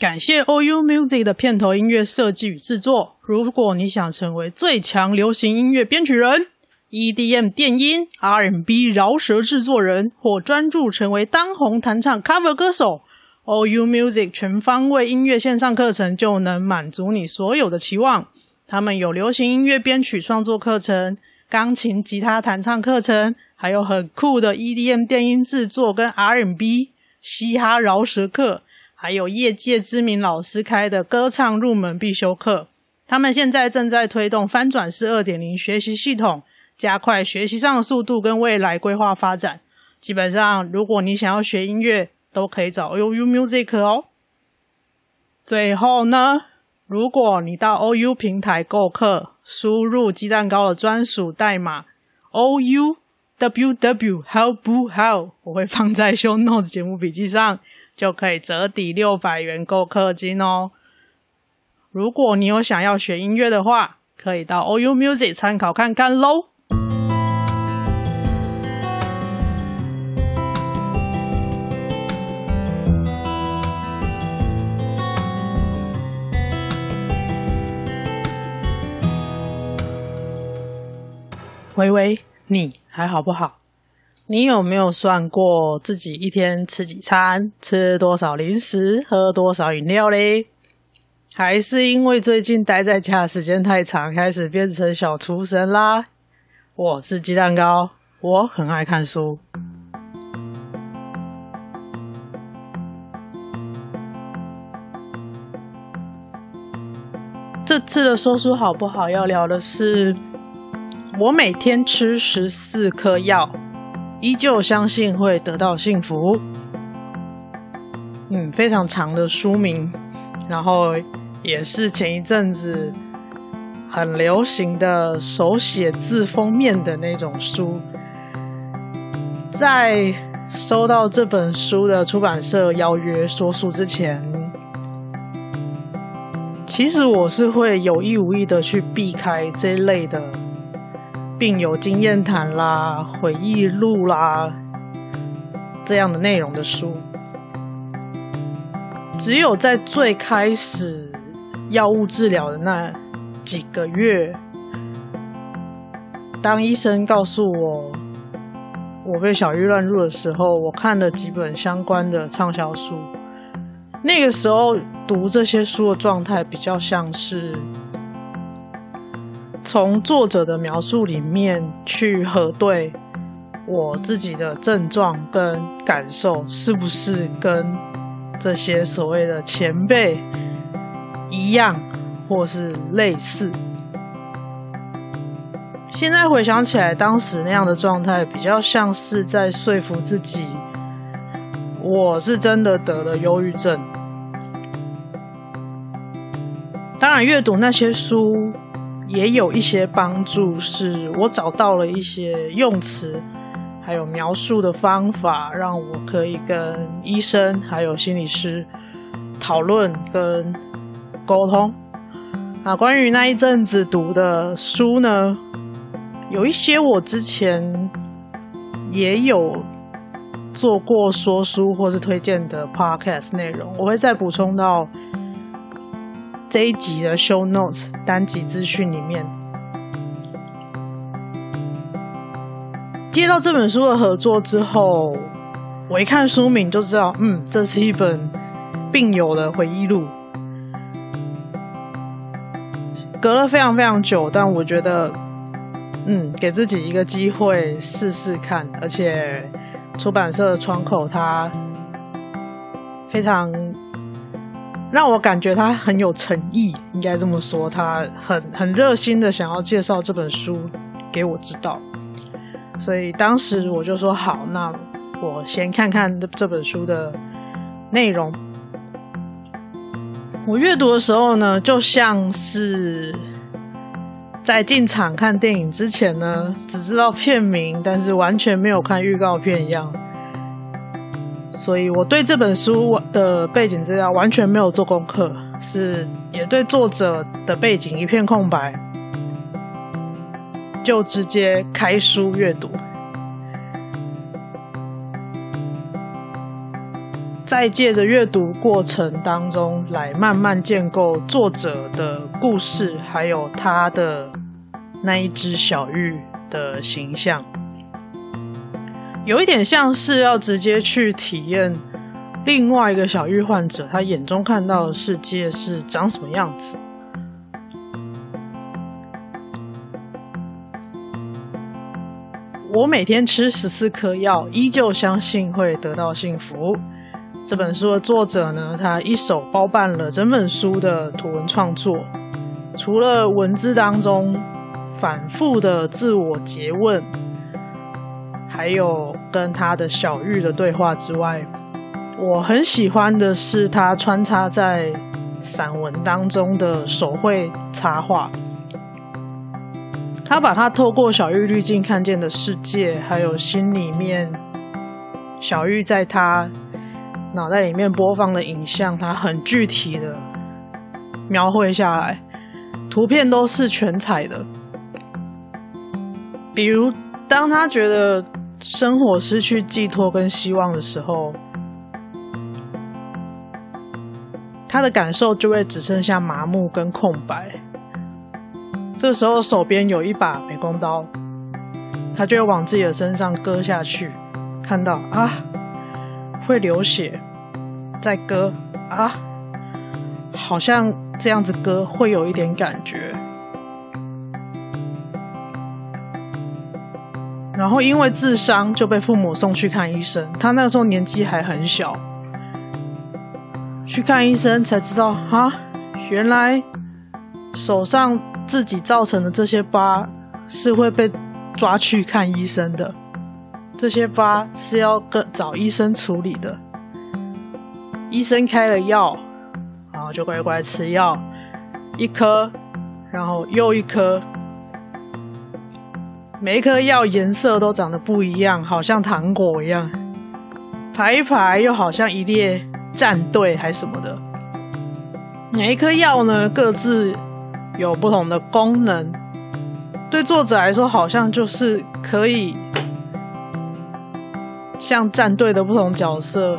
感謝 OU Music 的片頭音樂設計與製作。如果你想成為最強流行音樂編曲人、EDM 電音、R&B 饒舌製作人，或專注成為當紅彈唱 cover 歌手，OU Music 全方位音樂線上課程就能滿足你所有的期望。他們有流行音樂編曲創作課程、鋼琴、吉他彈唱課程，還有很酷的 EDM 電音製作跟 R&B 嘻哈饒舌課。還有業界知名老師開的歌唱入門必修課，他們現在正在推動翻轉式二點零學習系統，加快學習上的速度跟未來規劃發展。基本上，如果你想要學音樂，都可以找 O U Music 哦。最後呢，如果你到 O U 平台購課，輸入雞蛋糕的專屬代碼 O U W W how 不 how，我會放在 Show Notes 節目筆記上。就可以折抵六百元購課金哦。如果你有想要學音樂的話，可以到 OU Music 參考看看嘍。喂喂，你還好不好？你有沒有算過自己一天吃幾餐，吃多少零食，喝多少飲料嘞？還是因為最近待在家時間太長，開始變成小廚神啦？我是雞蛋糕，我很愛看書。 這次的說書好不好要聊的是，我每天吃十四顆藥。依舊相信會得到幸福。嗯，非常長的書名，然後也是前一陣子很流行的手寫字封面的那種書。在收到這本書的出版社邀約說書之前，其實我是會有意無意的去避開這一類的。病友經驗談啦，回憶錄啦，這樣的內容的書，只有在最開始藥物治療的那幾個月，當醫生告訴我我被小鬱亂入的時候，我看了幾本相關的暢銷書。那個時候讀這些書的狀態比較像是。從作者的描述裡面去核對我自己的症狀跟感受，是不是跟這些所謂的前輩一樣或是類似？現在回想起來，當時那樣的狀態，比較像是在說服自己，我是真的得了憂鬱症。當然，閱讀那些書。也有一些幫助，是我找到了一些用詞，還有描述的方法，讓我可以跟醫生還有心理師討論跟溝通。啊，關於那一陣子讀的書呢，有一些我之前也有做過說書或是推薦的 Podcast 內容，我會再補充到。這一集的 Show Notes 單集資訊裡面，接到這本書的合作之後，我一看書名就知道，嗯，這是一本病友的回憶錄。隔了非常非常久，但我覺得，嗯，給自己一個機會試試看，而且出版社的窗口它非常。讓我感覺他很有誠意，應該這麼說，他很很熱心的想要介紹這本書給我知道，所以當時我就說好，那我先看看這本書的內容。我閱讀的時候呢，就像是在進場看電影之前呢，只知道片名，但是完全沒有看預告片一樣。所以，我對這本書的背景資料完全沒有做功課，是也對作者的背景一片空白，就直接開書閱讀，在借着閱讀過程當中來慢慢建構作者的故事，還有他的那一隻小鬱的形象。有一點像是要直接去體驗另外一個小鬱患者他眼中看到的世界是長什麼樣子。我每天吃十四顆藥，依舊相信會得到幸福。這本書的作者呢，他一手包辦了整本書的圖文創作，除了文字當中反覆的自我詰問，還有。跟他的小鬱的對話之外，我很喜歡的是他穿插在散文當中的手繪插畫。他把他透過小鬱濾鏡看見的世界，還有心裡面小鬱在他腦袋裡面播放的影像，他很具體的描繪下來，圖片都是全彩的。比如，當他覺得。生活失去寄託跟希望的時候，他的感受就會只剩下麻木跟空白。這個時候手邊有一把美工刀，他就會往自己的身上割下去，看到啊，會流血，再割啊，好像這樣子割會有一點感覺。然後因為自傷就被父母送去看醫生，他那時候年紀還很小。去看醫生才知道哈、啊，原來手上自己造成的這些疤是會被抓去看醫生的，這些疤是要找醫生處理的。醫生開了藥，然後就乖乖吃藥，一顆，然後又一顆。每一顆藥顏色都長得不一樣，好像糖果一樣，排一排又好像一列戰隊，還什麼的。每一顆藥呢，各自有不同的功能。對作者來說，好像就是可以像戰隊的不同角色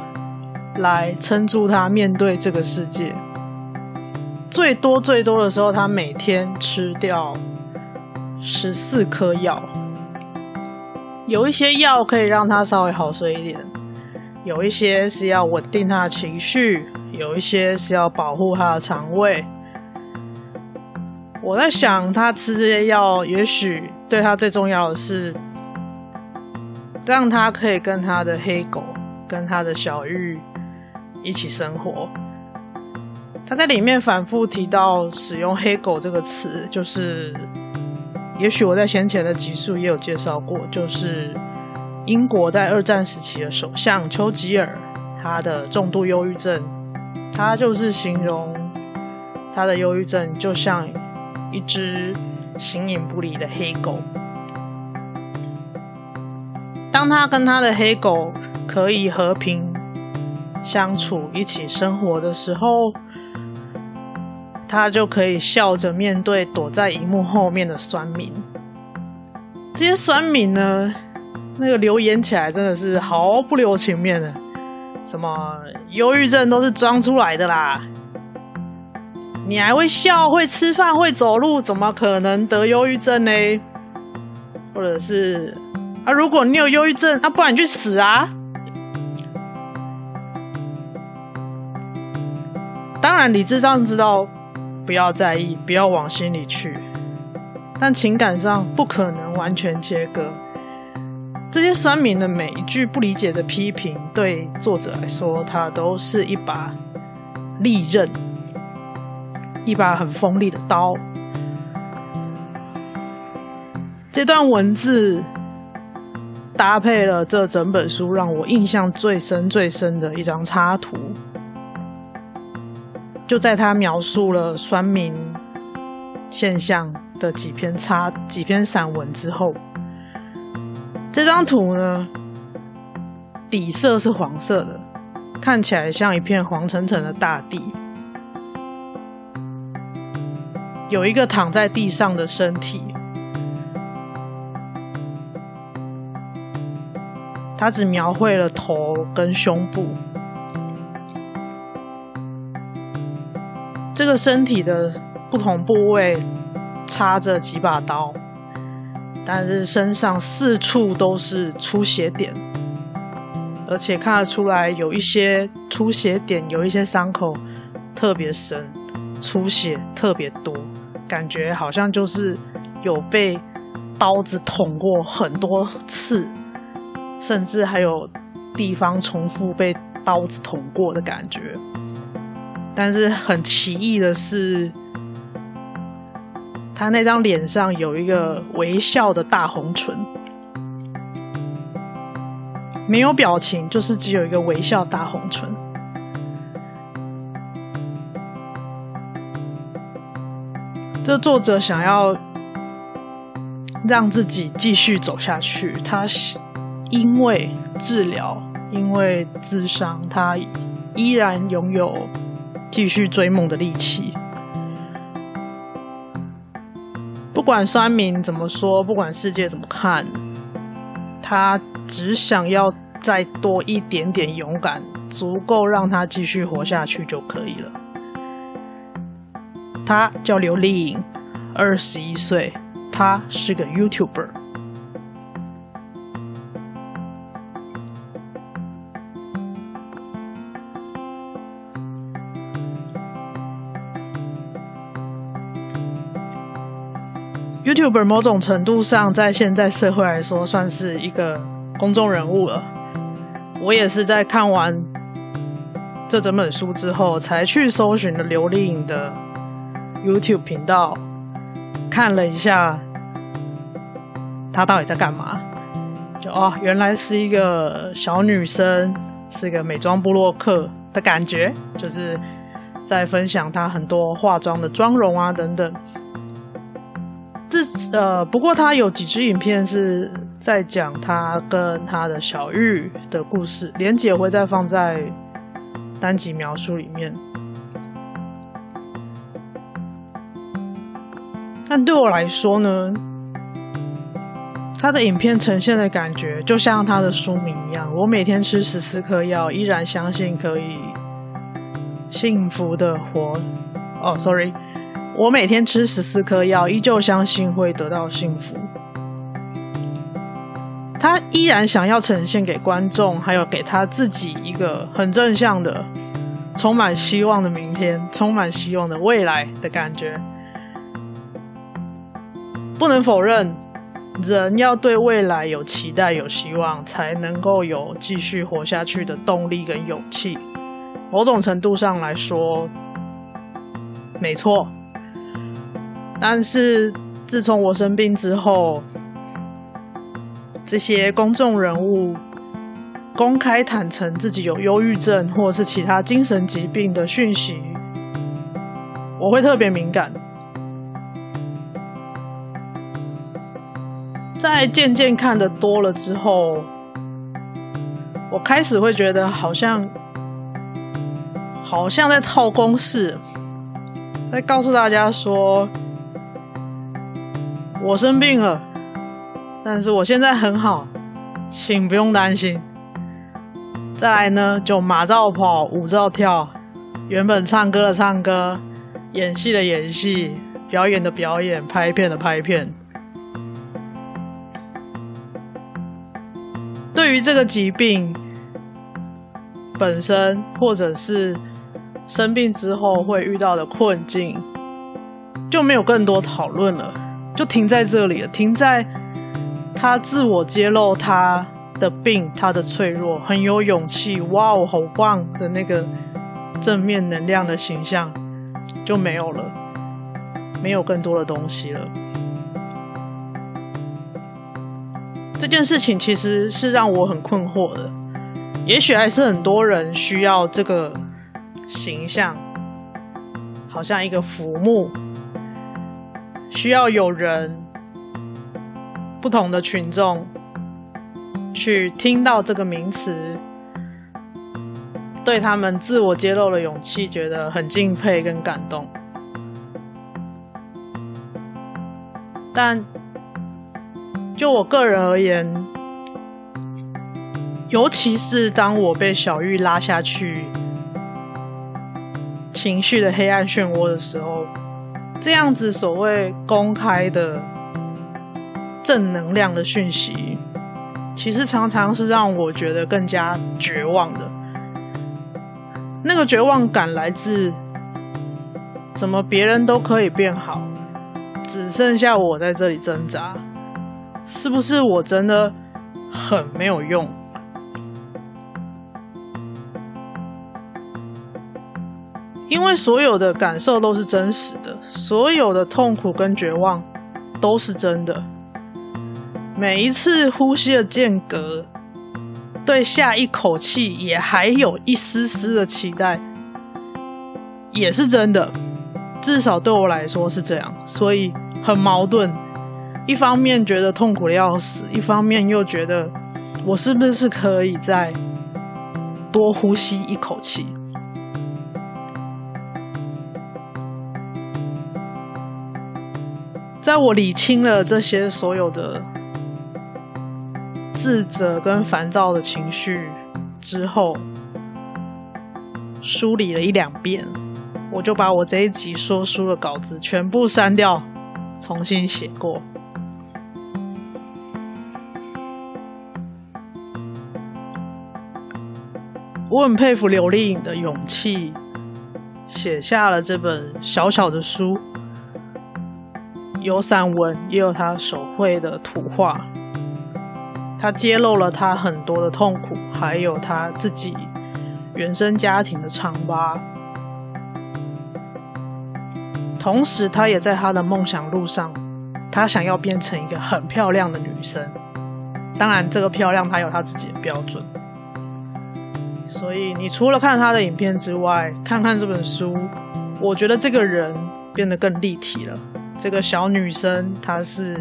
來撐住他面對這個世界。最多最多的時候，他每天吃掉十四顆藥。有一些藥可以讓他稍微好睡一點，有一些是要穩定他的情緒，有一些是要保護他的腸胃。我在想，他吃這些藥，也許對他最重要的是，讓他可以跟他的黑狗、跟他的小鬱一起生活。他在裡面反覆提到使用“黑狗”這個詞，就是。也許我在先前的集數也有介紹過，就是英國在二戰時期的首相丘吉爾，他的重度憂鬱症，他就是形容他的憂鬱症就像一隻形影不離的黑狗。當他跟他的黑狗可以和平相處、一起生活的時候。他就可以笑着面對躲在熒幕後面的酸民。這些酸民呢，那個留言起來真的是毫不留情面的，什麼憂鬱症都是裝出來的啦。你還會笑、會吃飯、會走路，怎麼可能得憂鬱症呢？或者是啊，如果你有憂鬱症，那、啊、不然你去死啊！當然，理智上知道。不要在意，不要往心裡去，但情感上不可能完全切割。這些酸民的每一句不理解的批評，對作者來說，它都是一把利刃，一把很鋒利的刀。這段文字搭配了這整本書，讓我印象最深、最深的一張插圖。就在他描述了酸民現象的幾篇差幾篇散文之後，這張圖呢，底色是黃色的，看起來像一片黃澄澄的大地，有一個躺在地上的身體，他只描繪了頭跟胸部。這個身體的不同部位插着幾把刀，但是身上四處都是出血點，而且看得出來有一些出血點，有一些傷口特別深，出血特別多，感覺好像就是有被刀子捅過很多次，甚至還有地方重複被刀子捅過的感覺。但是很奇異的是，他那張臉上有一個微笑的大紅唇，沒有表情，就是只有一個微笑的大紅唇。這作者想要讓自己繼續走下去，他因為治療，因為自傷，他依然擁有繼續追夢的力氣。不管酸民怎麼說，不管世界怎麼看，他只想要再多一點點勇敢，足夠讓他繼續活下去就可以了。他叫劉力穎，二十一歲，他是個 YouTuber。YouTube 某種程度上，在現在社會來說，算是一個公眾人物了。我也是在看完這整本書之後，才去搜尋了劉力穎的 YouTube 頻道，看了一下她到底在幹嘛。就哦，原來是一個小女生，是一個美妝部落客的感覺，就是在分享她很多化妝的妝容啊等等。這呃，不過他有幾支影片，是在講他跟他的小鬱的故事，連結會再放在單集描述裡面。但對我來說呢，他的影片呈現的感覺就像他的書名一樣，我每天吃十四顆藥，依然相信可以幸福地活。哦、oh，sorry。我每天吃十四顆藥，依舊相信會得到幸福。他依然想要呈現給觀眾，還有給他自己一個很正向的、充滿希望的明天，充滿希望的未來的感覺。不能否認，人要對未來有期待、有希望，才能夠有繼續活下去的動力跟勇氣。某種程度上來說，沒錯。但是，自從我生病之後，這些公眾人物公開坦承自己有憂鬱症或者是其他精神疾病的訊息，我會特別敏感。在漸漸看得多了之後，我開始會覺得好像，好像在套公式，在告訴大家說。我生病了，但是我現在很好，請不用擔心。再來呢，就馬照跑，舞照跳。原本唱歌的唱歌，演戲的演戲，表演的表演，拍片的拍片。對於這個疾病本身，或者是生病之後會遇到的困境，就沒有更多討論了。就停在這裡了，停在他自我揭露他的病、他的脆弱，很有勇氣，哇哦，好棒的那個正面能量的形象就沒有了，沒有更多的東西了。這件事情其實是讓我很困惑的，也許還是很多人需要這個形象，好像一個浮木。需要有人，不同的群眾去聽到這個名詞，對他們自我揭露的勇氣，覺得很敬佩跟感動。但就我個人而言，尤其是當我被小鬱拉下去情緒的黑暗漩渦的時候。這樣子所謂公開的正能量的訊息，其實常常是讓我覺得更加絕望的。那個絕望感來自，怎麼別人都可以變好，只剩下我在這裡掙扎，是不是我真的很沒有用？因為所有的感受都是真實的。所有的痛苦跟絕望都是真的。每一次呼吸的間隔，對下一口氣也還有一絲絲的期待，也是真的。至少對我來說是這樣，所以很矛盾。一方面覺得痛苦的要死，一方面又覺得我是不是是可以再多呼吸一口氣？在我理清了這些所有的自責跟煩躁的情緒之後，梳理了一兩遍，我就把我這一集說書的稿子全部刪掉，重新寫過。我很佩服劉力穎的勇氣，寫下了這本小小的書。有散文，也有他手繪的圖畫。他揭露了他很多的痛苦，還有他自己原生家庭的瘡疤。同時，他也在他的夢想路上，他想要變成一個很漂亮的女生。當然，這個漂亮他有他自己的標準。所以，你除了看他的影片之外，看看這本書，我覺得這個人變得更立體了。這個小女生，她是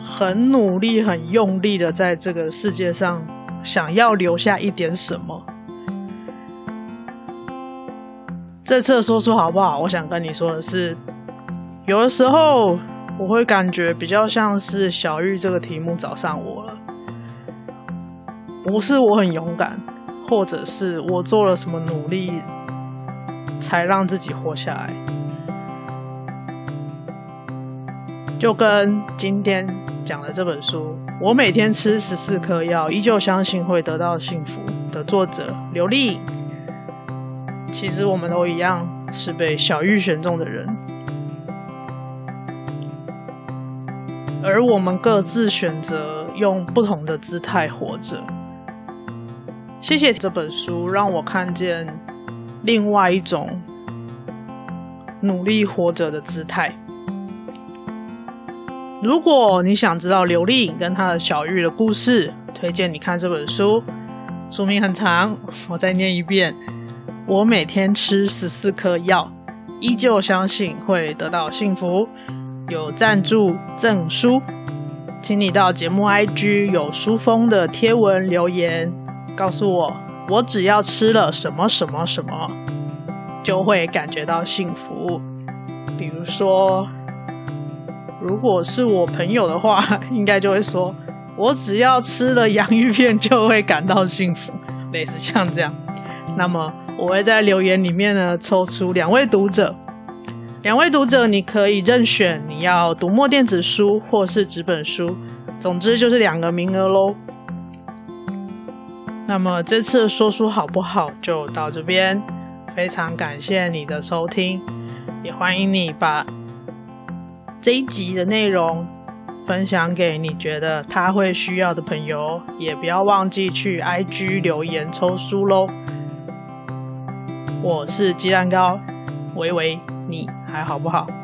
很努力、很用力的，在這個世界上想要留下一點什麼。這次的說書好不好？我想跟你說的是，有的時候我會感覺比較像是小鬱這個題目找上我了，不是我很勇敢，或者是我做了什麼努力才讓自己活下來。就跟今天講的這本書，我每天吃十四顆藥，依舊相信會得到幸福的作者劉力穎，其實我們都一樣，是被小鬱選中的人，而我們各自選擇用不同的姿態活着。謝謝這本書，讓我看見另外一種努力活着的姿態。如果你想知道劉力穎跟她的小鬱的故事，推薦你看這本書。書名很長，我再念一遍：我每天吃十四顆藥，依舊相信會得到幸福。有贊助贈書，請你到節目 IG 有書封的貼文留言，告訴我我只要吃了什麼什麼什麼，就會感覺到幸福。比如說。如果是我朋友的話，應該就會說，我只要吃了洋芋片就會感到幸福，類似像這樣。那麼我會在留言裡面呢抽出兩位讀者，兩位讀者你可以任選你要讀墨電子書或是紙本書，總之就是兩個名額嘍。那麼這次說書好不好？就到這邊，非常感謝你的收聽，也歡迎你把。這一集的內容分享給你覺得他會需要的朋友，也不要忘記去 IG 留言抽書嘍！我是雞蛋糕，喂喂，你還好不好？